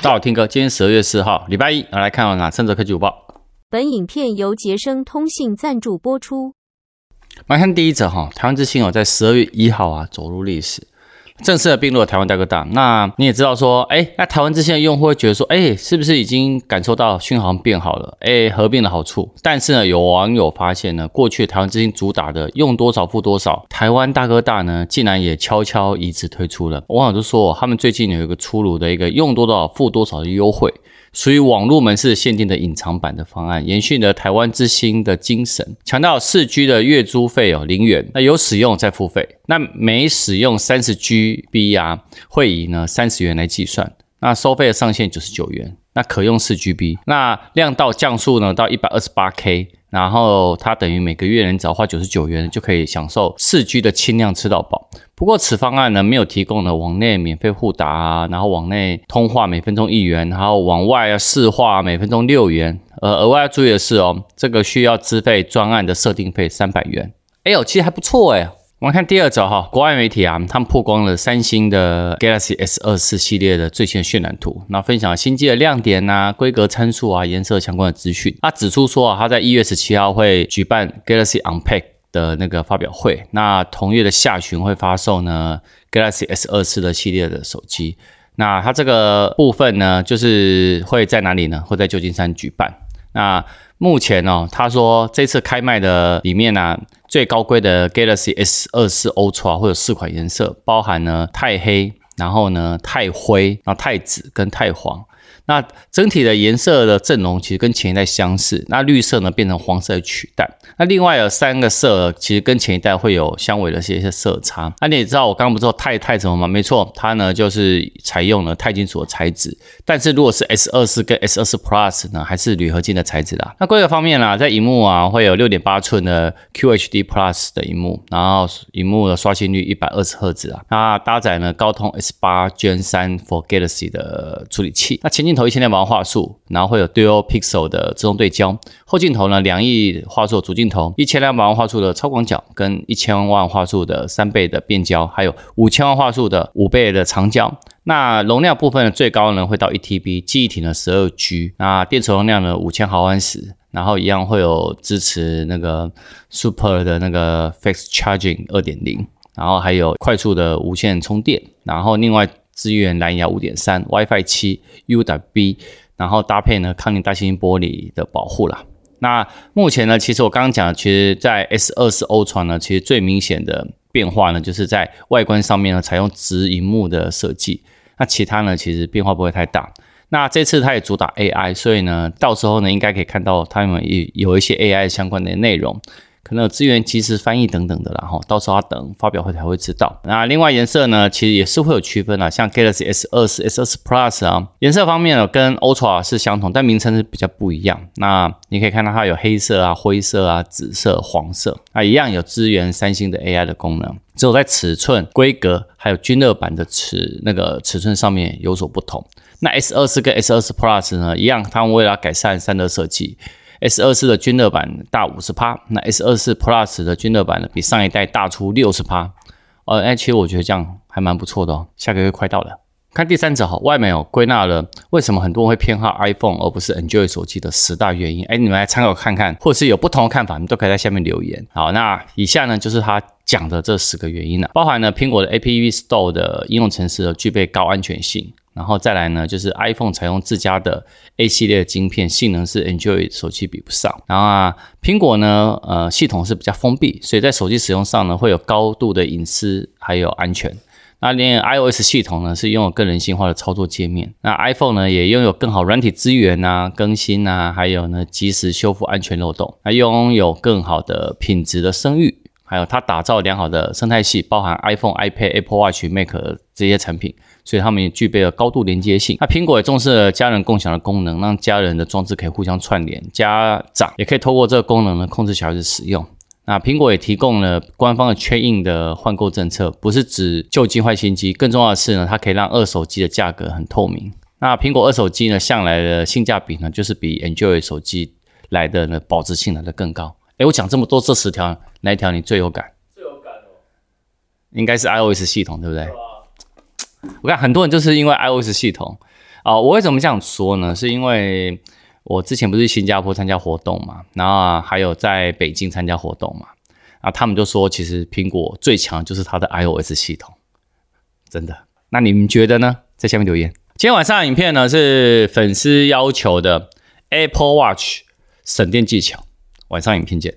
大家好，Tim 哥，今天十二月四號，禮拜一，我們來看一、哦、下《3C Tim 哥科技午報》。本影片由傑生通信贊助播出。來看第一則哈，台灣之星哦，在十二月一號啊，走入歷史。正式的併入了台灣大哥大，那你也知道說，哎、欸，那台灣之星的用戶會覺得說，哎、欸，是不是已經感受到續航變好了？哎、欸，合併的好處。但是呢，有網友發現呢，過去台灣之星主打的用多少付多少，台灣大哥大呢，竟然也悄悄移植推出了。網友就說，他們最近有一個出爐的一個用多少付多少的優惠。屬於網絡門市限定的隱藏版的方案，延續了台灣之星的精神，強調四 G 的月租費哦零元，那有使用再付費，那每使用三十 GB 啊，會以呢三十元來計算，那收費的上限九十九元，那可用四 GB，那量到降速呢到一百二十八 K。然後它，等於每個月能只要花九十九元就可以享受四 G 的輕量吃到飽。不過此方案呢沒有提供的網內免費互打啊，然後網內通話每分鐘一元，然後網外市話每分鐘六元。呃，額外要注意的是哦，這個需要資費專案的設定費三百元。哎呦，其實還不錯哎。我們看第二則哈，國外媒體啊，他們曝光了三星的 Galaxy S 二四系列的最新的渲染圖，那分享新機的亮點呢、啊、規格參數啊、顏色相關的資訊。他指出說啊，他在一月十七號會舉辦 Galaxy Unpack 的那個發表會，那同月的下旬會發售呢 Galaxy S 二四的系列的手機。那它這個部分呢，就是會在哪裡呢？會在舊金山舉辦。那目前呢、哦，他說這次開賣的裡面呢、啊。最高規的 Galaxy S24 Ultra 會有四款顏色，包含呢鈦黑、然後呢鈦灰、然後鈦紫跟鈦黃。那整體的顏色的陣容其實跟前一代相似，那綠色呢變成黃色取代。那另外有三個色，其實跟前一代會有相位的一些色差。那你也知道我剛剛不做鈦鈦什麼嗎？沒錯，它呢就是採用了鈦金屬的材質。但是如果是 S24 跟 S24 Plus 呢，還是鋁合金的材質啦。那規格方面啦、啊，在熒幕啊會有6.8寸的 QHD Plus 的熒幕，然後熒幕的刷新率120赫茲啊。那搭載呢高通 S8 Gen3 for Galaxy 的處理器。那前鏡頭一千二百萬畫素，然後會有 Dual Pixel 的自動對焦。後鏡頭呢兩億畫素主鏡頭一千兩百萬畫素的超廣角，跟一千萬畫素的三倍的變焦，還有五千萬畫素的五倍的長焦。那容量部分的最高呢會到一 T B，記憶體呢十二 G，那電池容量呢五千毫安時，5000mAh, 然後一樣會有支持那個 Super 的那個 Fast Charging 二點零，然後還有快速的無線充電，然後另外支援藍牙五點三、WiFi 七、UWB，然後搭配呢康寧大猩猩玻璃的保護啦。那目前呢，其實我剛剛講的，其實，在 S24 Ultra 呢，其實最明顯的變化呢，就是在外觀上面呢，採用直螢幕的設計。那其他呢，其實變化不會太大。那這次它也主打 AI，所以呢，到時候呢，應該可以看到它們也有一些 AI 相關的內容。可能有支援即時翻譯等等的啦，哈，到時候要等發表會才會知道。那另外顏色呢，其實也是會有區分啦，像 Galaxy S 24、S 24 Plus 啊，顏色方面呢，跟 Ultra 是相同，但名稱是比較不一樣。那你可以看到它有黑色啊、灰色啊、紫色、黃色啊，一樣有支援三星的 AI 的功能，只有在尺寸規格還有均熱板的尺那個尺寸上面有所不同。那 S 24跟 S 24 Plus 呢，一樣，他們為了改善散熱設計。S 二四的均熱板大五十趴，那 S 二四 Plus 的均熱板呢，比上一代大出六十趴，呃，哦、其實我覺得這樣還蠻不錯的哦。下個月快到了，看第三者。外媒有歸納了為什麼很多人會偏好 iPhone 而不是 Android 手機的十大原因，誒、欸、你們來參考看看，或是有不同的看法，你都可以在下面留言。好，那以下呢就是他講的這十個原因了、啊，包含了蘋果的 App Store 的應用程式具備高安全性。然後再來呢，就是 iPhone 採用自家的 A 系列的晶片，性能是 Android 手機比不上。然後啊，蘋果呢，呃，系統是比較封閉，所以在手機使用上呢，會有高度的隱私還有安全。那連 iOS 系統呢，是擁有個人性化的操作界面。那 iPhone 呢，也擁有更好軟體資源啊、更新啊，還有呢，及時修復安全漏洞，還擁有更好的品質的聲譽，還有它打造良好的生態系，包含 iPhone、iPad、Apple Watch、Mac 這些產品。所以他們也具備了高度連接性。那蘋果也重視了家人共享的功能，讓家人的裝置可以互相串聯，家長也可以通過這個功能呢，控制小孩子使用。那蘋果也提供了官方的 chain in 的換購政策，不是指舊機換新機，更重要的是呢，它可以讓二手機的價格很透明。那蘋果二手機呢，向來的性價比呢，就是比 Android 手機來的呢保值性來得更高。誒，我講這麼多這十條，哪一條你最有感？最有感哦，應該是 iOS 系統，對不對？哦。我看很多人就是因為 iOS 系統啊，哦，我為什麼這樣說呢？是因為我之前不是新加坡參加活動嘛，然後還有在北京參加活動嘛，然後他們就說，其實蘋果最強就是它的 iOS 系統，真的。那你們覺得呢？在下面留言。今天晚上的影片呢是粉絲要求的 Apple Watch 省電技巧，晚上影片見。